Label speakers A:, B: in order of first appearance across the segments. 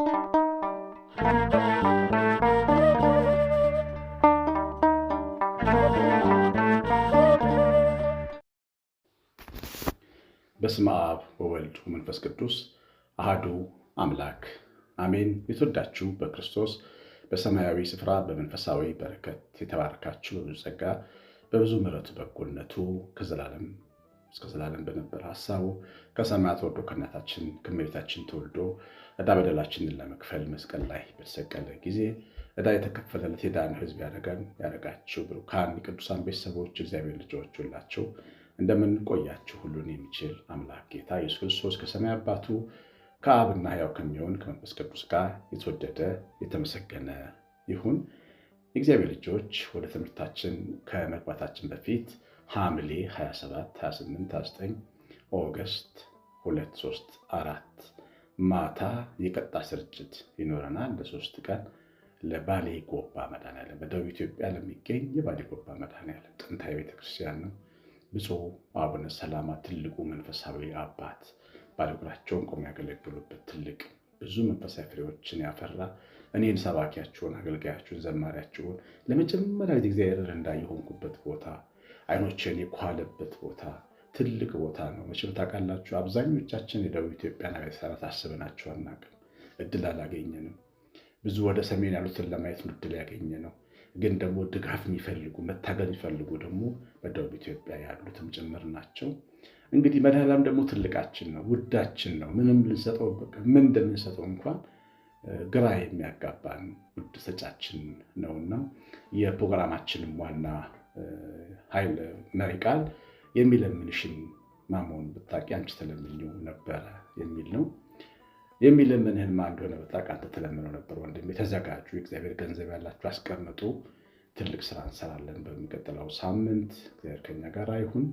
A: በስመ አብ ወወልድ ወመንፈስ ቅዱስ አህዱ አምላክ አሜን። የተወዳችሁ በክርስቶስ በሰማያዊ ስፍራ በመንፈሳዊ በረከት የተባረካችሁ በብዙ ጸጋ በብዙ ምሕረቱ በጎነቱ ከዘላለም እስከ ዘላለም በነበረ ሀሳቡ ከሰማያት ወርዶ ከእናታችን ከእመቤታችን ተወልዶ ዕዳ በደላችንን ለመክፈል መስቀል ላይ በተሰቀለ ጊዜ ዕዳ የተከፈለለት የዳነ ሕዝብ ያደረገን ያደረጋችሁ ብሩካን የቅዱሳን ቤተሰቦች እግዚአብሔር ልጆች ሁላችሁ እንደምንቆያችሁ ሁሉን የሚችል አምላክ ጌታ ኢየሱስ ክርስቶስ ከሰማይ አባቱ ከአብና ሕያው ከሚሆን ከመንፈስ ቅዱስ ጋር የተወደደ የተመሰገነ ይሁን። የእግዚአብሔር ልጆች ወደ ትምህርታችን ከመግባታችን በፊት ሐምሌ 27፣ 28፣ 29 ኦገስት 2፣ 3፣ 4 ማታ የቀጣ ስርጭት ይኖረናል። ለሶስት ቀን ለባሌ ጎባ መድኃኔዓለም በደቡብ ኢትዮጵያ ለሚገኝ የባሌ ጎባ መድኃኔዓለም ጥንታዊ ቤተክርስቲያን ነው። ብፁዕ አቡነ ሰላማ ትልቁ መንፈሳዊ አባት ባለ እግራቸውን ያገለግሉበት ትልቅ ብዙ መንፈሳዊ ፍሬዎችን ያፈራ እኔን ሰባኪያችሁን፣ አገልጋያችሁን፣ ዘማሪያችሁን ለመጀመሪያ ጊዜ እግዚአብሔርን እንዳየሆንኩበት ቦታ አይኖችን የኳለበት ቦታ ትልቅ ቦታ ነው። መቼም ታውቃላችሁ፣ አብዛኞቻችን የደቡብ ኢትዮጵያን አብያተ አስበናቸው አናውቅም። እድል አላገኘንም። ብዙ ወደ ሰሜን ያሉትን ለማየት ነው እድል ያገኘ ነው። ግን ደግሞ ድጋፍ የሚፈልጉ መታገል የሚፈልጉ ደግሞ በደቡብ ኢትዮጵያ ያሉትም ጭምር ናቸው። እንግዲህ መድኃኔዓለም ደግሞ ትልቃችን ነው፣ ውዳችን ነው። ምንም ልንሰጠው ምን እንደምንሰጠው እንኳን ግራ የሚያጋባን ውድ ሰጫችን ነውና የፕሮግራማችንም ዋና ኃይል መሪ ቃል የሚለምንሽን ማመሆን ብታውቂ አንቺ ትለምኚው ነበረ የሚል ነው። የሚለምንህን ማ እንደሆነ ብታውቅ አንተ ተለምነው ነበር። ወንድሜ ተዘጋጁ፣ የእግዚአብሔር ገንዘብ ያላችሁ አስቀምጡ፣ ትልቅ ስራ እንሰራለን በሚቀጥለው ሳምንት። እግዚአብሔር ከኛ ጋር ይሁን።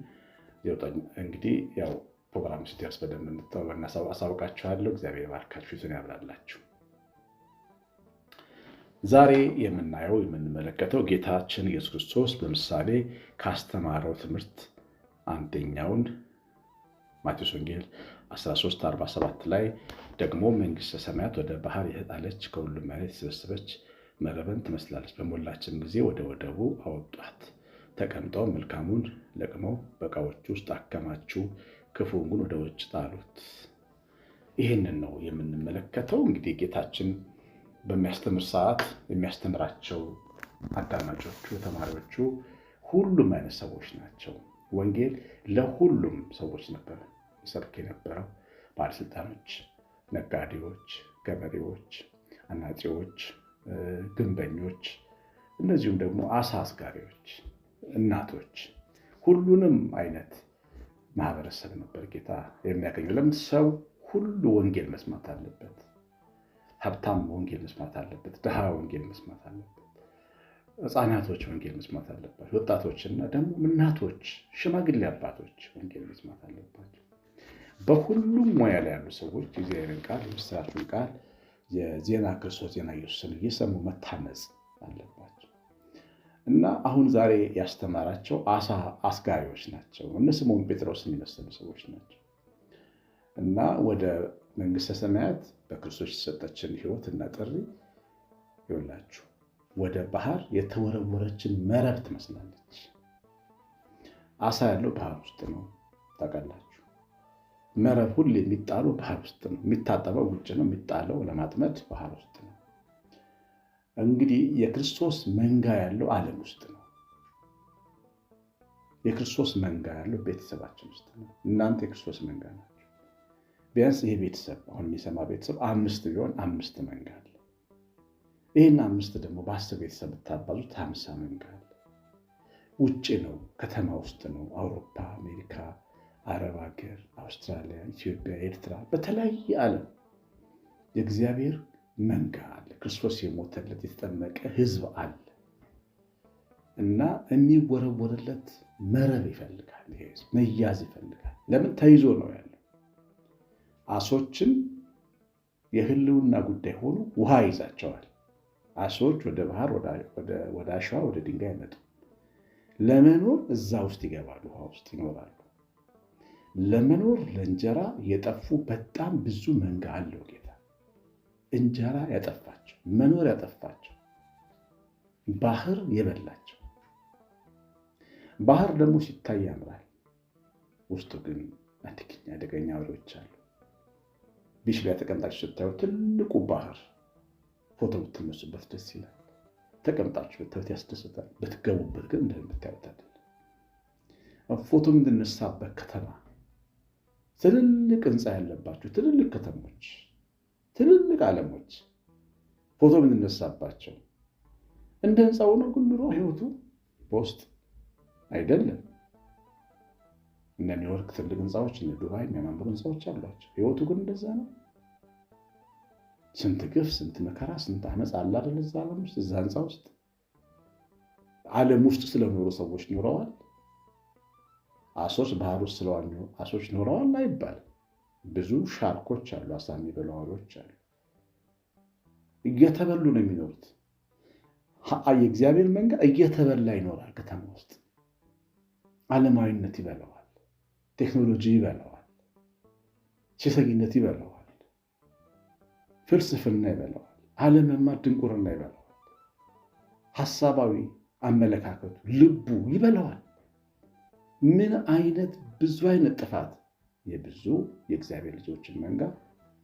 A: እንግዲህ ያው ፕሮግራም ሲደርስ በደንብ እናሳውቃችኋለሁ። እግዚአብሔር ባርካችሁ፣ ይዞን ያብላላችሁ። ዛሬ የምናየው የምንመለከተው ጌታችን ኢየሱስ ክርስቶስ በምሳሌ ካስተማረው ትምህርት አንደኛውን ማቴዎስ ወንጌል 1347 ላይ ደግሞ መንግስት ሰማያት ወደ ባህር የተጣለች ከሁሉም ዓይነት የተሰበሰበች መረብን ትመስላለች። በሞላችም ጊዜ ወደ ወደቡ አወጧት። ተቀምጠው መልካሙን ለቅመው በዕቃዎች ውስጥ አከማችሁ ክፉን ግን ወደ ውጭ ጣሉት። ይህንን ነው የምንመለከተው እንግዲህ ጌታችን በሚያስተምር ሰዓት የሚያስተምራቸው አዳማጮቹ፣ ተማሪዎቹ ሁሉም አይነት ሰዎች ናቸው። ወንጌል ለሁሉም ሰዎች ነበር ሰብክ የነበረው። ባለስልጣኖች፣ ነጋዴዎች፣ ገበሬዎች፣ አናጺዎች፣ ግንበኞች፣ እንደዚሁም ደግሞ አሳ አስጋሪዎች፣ እናቶች፣ ሁሉንም አይነት ማህበረሰብ ነበር ጌታ የሚያገኘው። ለምን ሰው ሁሉ ወንጌል መስማት አለበት? ሀብታም ወንጌል መስማት አለበት። ድሃ ወንጌል መስማት አለበት። ህፃናቶች ወንጌል መስማት አለባቸው። ወጣቶችና ደግሞ እናቶች፣ ሽማግሌ አባቶች ወንጌል መስማት አለባቸው። በሁሉም ሙያ ላይ ያሉ ሰዎች የእግዚአብሔርን ቃል የምስራቹን ቃል የዜና ክርስቶስ ዜና ኢየሱስን እየሰሙ መታነጽ አለባቸው እና አሁን ዛሬ ያስተማራቸው አሳ አስጋሪዎች ናቸው። እነ ስምዖን ጴጥሮስን የመሰሉ ሰዎች ናቸው እና ወደ መንግሥተ ሰማያት በክርስቶስ የተሰጠችን ሕይወትና ጥሪ ይሆናችሁ ወደ ባህር የተወረወረችን መረብ ትመስላለች። አሳ ያለው ባህር ውስጥ ነው። ታውቃላችሁ፣ መረብ ሁሉ የሚጣለው ባህር ውስጥ ነው። የሚታጠበው ውጭ ነው። የሚጣለው ለማጥመድ ባህር ውስጥ ነው። እንግዲህ የክርስቶስ መንጋ ያለው ዓለም ውስጥ ነው። የክርስቶስ መንጋ ያለው ቤተሰባችን ውስጥ ነው። እናንተ የክርስቶስ መንጋ ነው። ቢያንስ ይሄ ቤተሰብ አሁን የሚሰማ ቤተሰብ አምስት ቢሆን አምስት መንጋ አለ። ይህን አምስት ደግሞ በአስር ቤተሰብ ብታባዙት ሀምሳ መንጋ አለ። ውጭ ነው፣ ከተማ ውስጥ ነው። አውሮፓ፣ አሜሪካ፣ አረብ ሀገር፣ አውስትራሊያ፣ ኢትዮጵያ፣ ኤርትራ፣ በተለያየ ዓለም የእግዚአብሔር መንጋ አለ። ክርስቶስ የሞተለት የተጠመቀ ህዝብ አለ እና የሚወረወርለት መረብ ይፈልጋል። ይሄ መያዝ ይፈልጋል። ለምን ተይዞ ነው ያለ አሶችን የህልውና ጉዳይ ሆኖ ውሃ ይዛቸዋል። አሶች ወደ ባህር፣ ወደ አሸዋ፣ ወደ ድንጋይ አይመጡም። ለመኖር እዛ ውስጥ ይገባሉ፣ ውሃ ውስጥ ይኖራሉ። ለመኖር ለእንጀራ የጠፉ በጣም ብዙ መንጋ አለው ጌታ። እንጀራ ያጠፋቸው፣ መኖር ያጠፋቸው፣ ባህር የበላቸው። ባህር ደግሞ ሲታይ ያምራል፣ ውስጡ ግን አደገኛ አውሬዎች አሉ። ቢሽ ላይ ተቀምጣችሁ ስታዩ ትልቁ ባህር ፎቶ ብትነሱበት ደስ ይላል። ተቀምጣችሁ ብታዩት ያስደስታል። ብትገቡበት ግን እንደምታዩት ፎቶ የምንነሳበት ከተማ ትልልቅ ህንፃ ያለባቸው ትልልቅ ከተሞች፣ ትልልቅ ዓለሞች ፎቶ የምንነሳባቸው እንደ ህንፃ ሆኖ ግን ኑሮ ህይወቱ በውስጥ አይደለም። እነ ኒውዮርክ ትልቅ ህንፃዎች፣ እነ ዱባይ የሚያማምሩ ህንፃዎች አሏቸው። ህይወቱ ግን እንደዛ ነው። ስንት ግፍ፣ ስንት መከራ፣ ስንት አመፅ አለ አይደል? እዛ ዓለም ውስጥ እዛ ህንፃ ውስጥ ዓለም ውስጥ ስለኖሩ ሰዎች ኖረዋል። አሶች ባህር ውስጥ ስለዋኙ አሶች ኖረዋል አይባል። ብዙ ሻርኮች አሉ፣ አሳ የሚበሉ አዋሪዎች አሉ። እየተበሉ ነው የሚኖሩት። የእግዚአብሔር መንጋ እየተበላ ይኖራል ከተማ ውስጥ አለማዊነት ይበለዋል። ቴክኖሎጂ ይበላዋል፣ ሴሰኝነት ይበላዋል፣ ፍልስፍና ይበላዋል፣ አለመማር ድንቁርና ይበላዋል፣ ሀሳባዊ አመለካከቱ ልቡ ይበላዋል። ምን አይነት ብዙ አይነት ጥፋት የብዙ የእግዚአብሔር ልጆችን መንጋ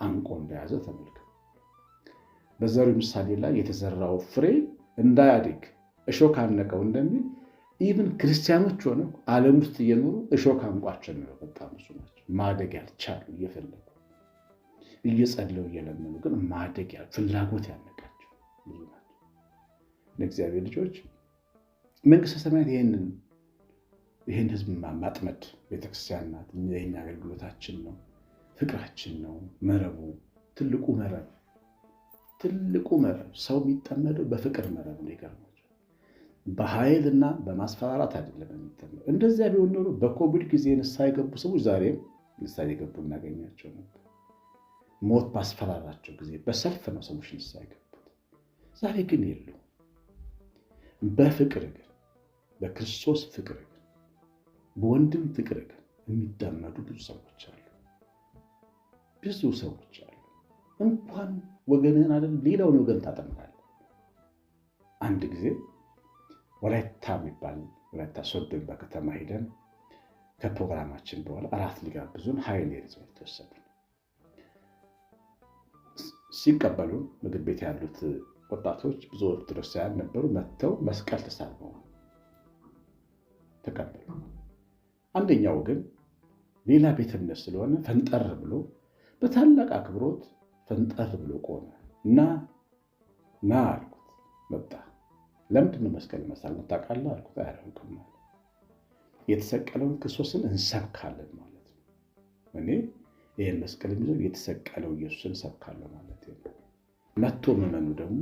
A: አንቆ እንደያዘ ተመልከት። በዛሬው ምሳሌ ላይ የተዘራው ፍሬ እንዳያድግ እሾህ ካነቀው እንደሚል ኢቨን ክርስቲያኖች ሆነ ዓለም ውስጥ እየኖሩ እሾክ አንቋቸው ነው። የመጣ ብዙ ናቸው ማደግ ያልቻሉ እየፈለጉ እየጸለው እየለመኑ ግን ማደግ ፍላጎት ያነቃቸው ብዙ ናቸው። ለእግዚአብሔር ልጆች መንግስተ ሰማያት ይህንን ይህን ህዝብ ማጥመድ ቤተክርስቲያን ናት። የኛ አገልግሎታችን ነው፣ ፍቅራችን ነው። መረቡ ትልቁ መረብ ትልቁ መረብ ሰው የሚጠመደው በፍቅር መረብ ነው። በኃይልና በማስፈራራት አይደለም የሚጠመው። እንደዚያ ቢሆን ኖሮ በኮቪድ ጊዜ ንስሐ የገቡ ሰዎች ዛሬም ንስሐ የገቡ እናገኛቸው ነበር። ሞት ባስፈራራቸው ጊዜ በሰልፍ ነው ሰዎች ንስሐ የገቡት። ዛሬ ግን የሉ። በፍቅር ግን በክርስቶስ ፍቅር ግን በወንድም ፍቅር ግን የሚዳመዱ ብዙ ሰዎች አሉ። ብዙ ሰዎች አሉ። እንኳን ወገንህን አይደል ሌላውን ወገን ታጠምዳለህ አንድ ጊዜ ወላይታ የሚባል ወላይታ ሶዶ የሚባል ከተማ ሄደን ከፕሮግራማችን በኋላ እራት ሊጋብዙን ሀይሌ ሪዞርት ወሰዱን። ሲቀበሉ ምግብ ቤት ያሉት ወጣቶች ብዙ ኦርቶዶክሳውያን ነበሩ። መጥተው መስቀል ተሳልመው ተቀበሉ። አንደኛው ግን ሌላ ቤተ እምነት ስለሆነ ፈንጠር ብሎ በታላቅ አክብሮት ፈንጠር ብሎ ቆመ እና ና አልኩት መጣ ለምንድን ነው መስቀል መሳልን ታውቃለህ? አልኩ። አያደርግም ማለት የተሰቀለውን ክርስቶስን እንሰብካለን ማለት ነው። እኔ ይህን መስቀል የሚዘው የተሰቀለው ኢየሱስን እንሰብካለሁ ማለት ነው። መቶ መመኑ ደግሞ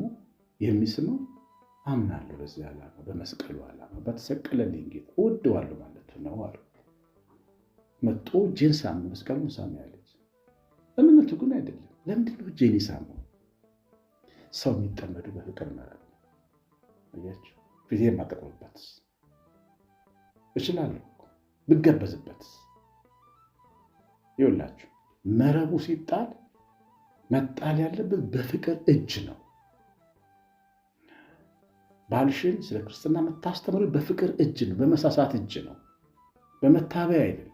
A: የሚስመው አምናለሁ በዚህ ዓላማ፣ በመስቀሉ ዓላማ፣ በተሰቀለልኝ ጌታ እወደዋለሁ ማለት ነው አሉ። መጦ እጄን ሳም መስቀሉ ሳም ያለች እምነቱ ግን አይደለም። ለምንድነው እጄን ሳሙ? ሰው የሚጠመዱ በፍቅር መረ አያችሁ፣ ፊቴ የማጠቅምበት እችላለሁ ብገበዝበት። ይኸውላችሁ መረቡ ሲጣል መጣል ያለበት በፍቅር እጅ ነው። ባልሽን ስለ ክርስትና የምታስተምር በፍቅር እጅ ነው፣ በመሳሳት እጅ ነው፣ በመታበያ አይደለም።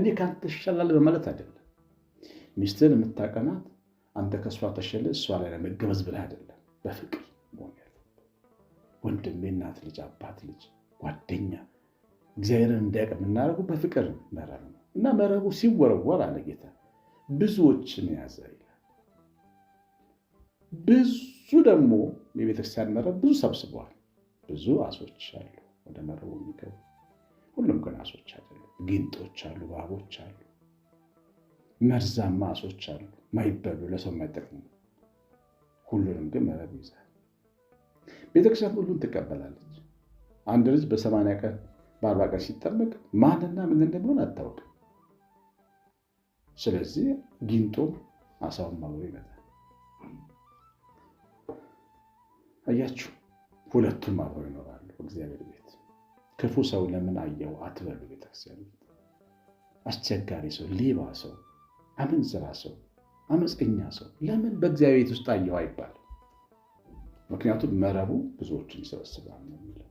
A: እኔ ከአንተ ተሻላለ በማለት አይደለም። ሚስትን የምታቀናት አንተ ከእሷ ተሸለ እሷ ላይ ለመገበዝ ብለህ አይደለም፣ በፍቅር ወንድም፣ የእናት ልጅ፣ አባት ልጅ፣ ጓደኛ እግዚአብሔርን እንዲያውቅ የምናደርገው በፍቅር መረብ ነው እና መረቡ ሲወረወር አለ ጌታ ብዙዎችን ያዘ ይላል። ብዙ ደግሞ የቤተክርስቲያን መረብ ብዙ ሰብስበዋል። ብዙ አሶች አሉ ወደ መረቡ የሚገቡ ሁሉም ግን አሶች አሉ፣ ጊንጦች አሉ፣ ባቦች አሉ፣ መርዛማ አሶች አሉ፣ ማይበሉ ለሰው የማይጠቅሙ ሁሉንም ግን መረብ ይዛል። ቤተክርስቲያን ሁሉን ትቀበላለች። አንድ ልጅ በሰማንያ ቀን በአርባ ቀን ሲጠመቅ ማንና ምን እንደሚሆን አታውቅም። ስለዚህ ጊንጦም አሳውን ማብሮ ይመጣል። አያችሁ፣ ሁለቱም አብረው ይኖራሉ እግዚአብሔር ቤት። ክፉ ሰው ለምን አየው አትበሉ። ቤተክርስቲያን አስቸጋሪ ሰው፣ ሌባ ሰው፣ አመንዝራ ሰው፣ አመፀኛ ሰው ለምን በእግዚአብሔር ቤት ውስጥ አየው አይባል ምክንያቱም መረቡ ብዙዎችን ይሰበስባል ነው የሚለው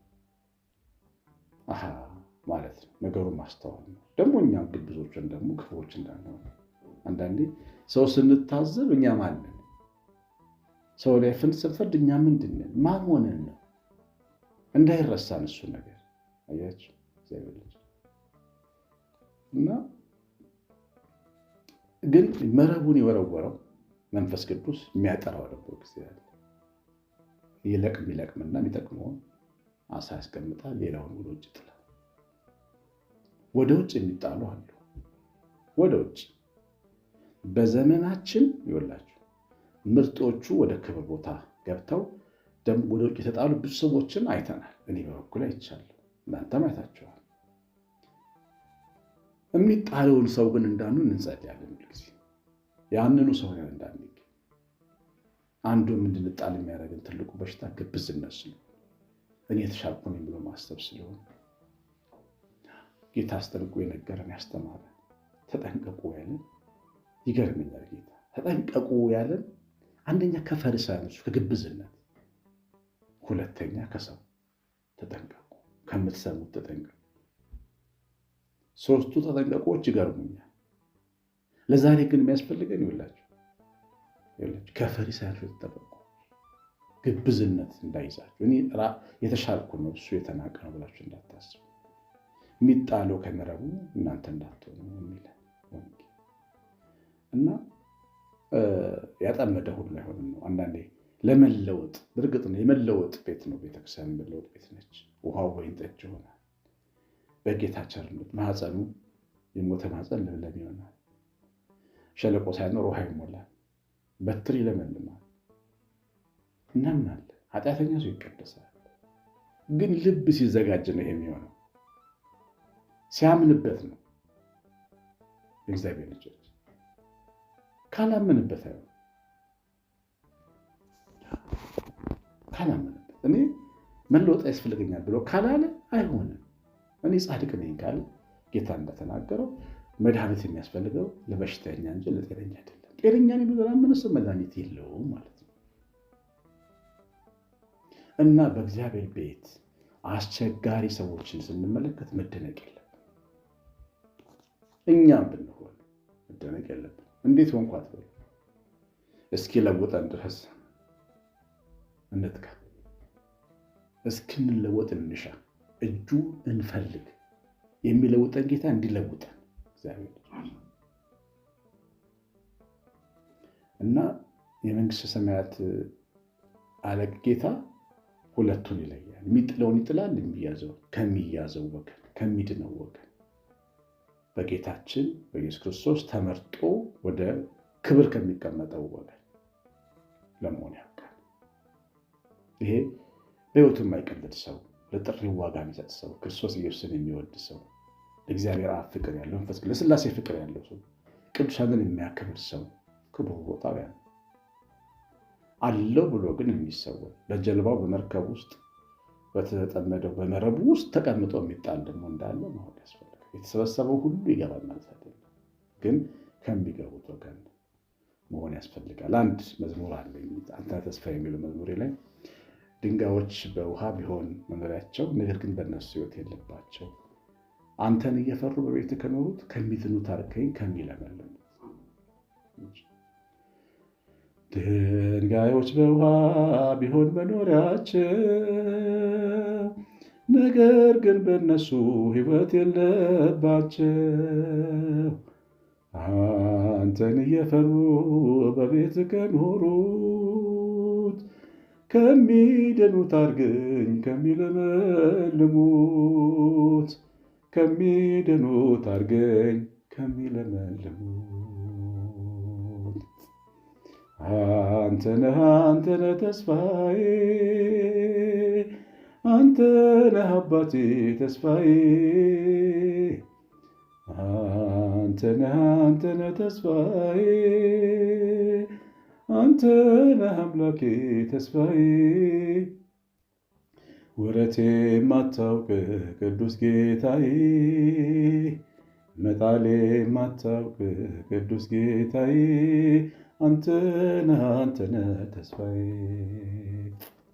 A: ማለት ነው። ነገሩ ማስተዋል ነው። ደግሞ እኛም ግን ብዙዎችን ደግሞ ክፉዎች እንዳነው አንዳንዴ ሰው ስንታዘብ እኛ ማንን ሰው ላይ ፍን ስንፈርድ እኛ ምንድንን ማን ሆነን ነው እንዳይረሳን እሱ ነገር አያችሁ እና ግን መረቡን የወረወረው መንፈስ ቅዱስ የሚያጠራው ደግሞ ጊዜ ያለ ይለቅ ቢለቅምና የሚጠቅመውን አሳ ያስቀምጣል። ሌላውን ወደ ውጭ ጥላ። ወደ ውጭ የሚጣሉ አሉ። ወደ ውጭ በዘመናችን ይወላችሁ ምርጦቹ ወደ ክብር ቦታ ገብተው ደግሞ ወደ ውጭ የተጣሉ ብዙ ሰዎችን አይተናል። እኔ በበኩል አይቻለሁ፣ እናንተ አይታችኋል። የሚጣለውን ሰው ግን እንዳኑ እንጸልያለን ጊዜ ያንኑ ሰው እንዳንል አንዱ እንድንጣል የሚያደርግን ትልቁ በሽታ ግብዝነት ነው። እኔ የተሻልኩ ነኝ ብሎ ማሰብ ስለሆነ ጌታ አስጠንቅቆ የነገረን ያስተማረ ተጠንቀቁ ያለን ይገርምኛል። ጌታ ተጠንቀቁ ያለን አንደኛ ከፈሪሳውያን ከግብዝነት፣ ሁለተኛ ከሰው ተጠንቀቁ፣ ከምትሰሙት ተጠንቀቁ። ሶስቱ ተጠንቀቁዎች ይገርሙኛል። ለዛሬ ግን የሚያስፈልገን ይውላቸው ከፈሪሳያቸው የተጠበቁ ግብዝነት እንዳይዛችሁ እኔ የተሻልኩ ነው እሱ የተናቀ ነው ብላችሁ እንዳታስቡ። የሚጣለው ከመረቡ እናንተ እንዳትሆኑ እና ያጠመደ ሁሉ አይሆንም ነው። አንዳንዴ ለመለወጥ በእርግጥ ነው የመለወጥ ቤት ነው ቤተክርስቲያን፣ የመለወጥ ቤት ነች። ውሃው ወይን ጠጅ ይሆናል። በጌታ ቸርነት ማህፀኑ የሞተ ማህፀን ለምለም ይሆናል። ሸለቆ ሳይኖር ውሃ ይሞላል። በትር ይለመልማል፣ እናምናለን። ኃጢአተኛ ሰው ይቀደሳል። ግን ልብ ሲዘጋጅ ነው ይሄ የሚሆነው፣ ሲያምንበት ነው። እግዚአብሔር ልጆች ካላመንበት አይሆንም። ካላመንበት እኔ መለወጥ ያስፈልገኛል ብሎ ካላለ አይሆንም። እኔ ጻድቅ ነኝ ካለ ጌታ እንደተናገረው መድኃኒት የሚያስፈልገው ለበሽተኛ እንጂ ለጤነኛ
B: ጤነኛን የሚበላ ምንስ
A: መድኃኒት የለውም ማለት ነው። እና በእግዚአብሔር ቤት አስቸጋሪ ሰዎችን ስንመለከት መደነቅ የለብን። እኛም ብንሆን መደነቅ የለብን። እንዴት ሆንኳት በ እስኪ ለውጠን ድረስ እንትጋ፣ እስክንለወጥ እንሻ፣ እጁ እንፈልግ፣ የሚለውጠን ጌታ እንዲለውጠን እግዚአብሔር እና የመንግስተ ሰማያት አለቅ ጌታ ሁለቱን ይለያል። የሚጥለውን ይጥላል፣ የሚያዘው ከሚያዘው ወገን ከሚድነው ወገን በጌታችን በኢየሱስ ክርስቶስ ተመርጦ ወደ ክብር ከሚቀመጠው ወገን ለመሆን ያውቃል። ይሄ በሕይወቱ የማይቀልድ ሰው፣ ለጥሪ ዋጋ የሚሰጥ ሰው፣ ክርስቶስ ኢየሱስን የሚወድ ሰው፣ ለእግዚአብሔር አብ ፍቅር ያለው፣ ለስላሴ ፍቅር ያለው ሰው፣ ቅዱሳንን የሚያከብር ሰው ክቡር ቦታውያን አለው ብሎ ግን የሚሰወር በጀልባው በመርከብ ውስጥ በተጠመደው በመረቡ ውስጥ ተቀምጦ የሚጣል ደግሞ እንዳለ ማወቅ ያስፈልጋል። የተሰበሰበው ሁሉ ይገባና ማለት ግን ከሚገቡት ወገን መሆን ያስፈልጋል። አንድ መዝሙር አለ አንተ ተስፋ የሚለው መዝሙሬ ላይ ድንጋዮች በውሃ ቢሆን መኖሪያቸው፣ ነገር ግን በእነሱ ሕይወት የለባቸው አንተን እየፈሩ በቤት ከኖሩት ከሚድኑ ታርከኝ
B: ከሚለመልሙት ድንጋዮች በውሃ ቢሆን መኖሪያቸው፣ ነገር ግን በእነሱ ሕይወት የለባቸው። አንተን እየፈሩ በቤት ከኖሩት ከሚደኑት አርግኝ ከሚለመልሙት ከሚደኑት አርገኝ ከሚለመልሙት አንተነህ አንተነህ ተስፋዬ አንተነህ አባቴ ተስፋዬ አንተነህ አንተነህ ተስፋዬ አንተነህ አምላኬ ተስፋዬ ውረቴ የማታውቅ ቅዱስ ጌታዬ መጣሌ የማታውቅ ቅዱስ ጌታዬ አንተነ አንተነ ተስፋዬ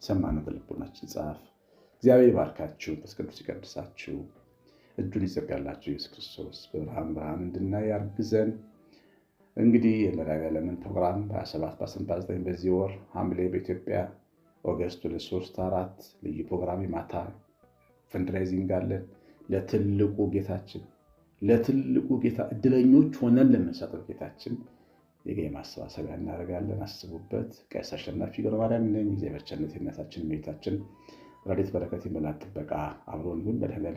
B: ሰማነው በልቦናችን ጻፍ። እግዚአብሔር ይባርካችሁ፣
A: በስቅዱስ ይቀድሳችሁ፣ እጁን ይዘጋላችሁ። ኢየሱስ ክርስቶስ በብርሃን ብርሃን እንድናይ ያርግ ዘንድ እንግዲህ የመድኃኒዓለምን ፕሮግራም በ27 በ በዚህ ወር ሐምሌ በኢትዮጵያ ኦገስት ወደ ሶስት አራት ልዩ ፕሮግራም የማታ ፈንድራይዚንግ አለን። ለትልቁ ጌታችን ለትልቁ ጌታ እድለኞች ሆነን ለምንሰጠው ጌታችን የገቢ ማሰባሰቢያ እናደርጋለን። አስቡበት። ቀሲስ አሸናፊ
B: ገብረማርያም ነኝ። እግዚአብሔር ቸርነት የእናታችን እመቤታችን ረድኤት በረከት የመላእክት ጥበቃ አብሮን ይሁን።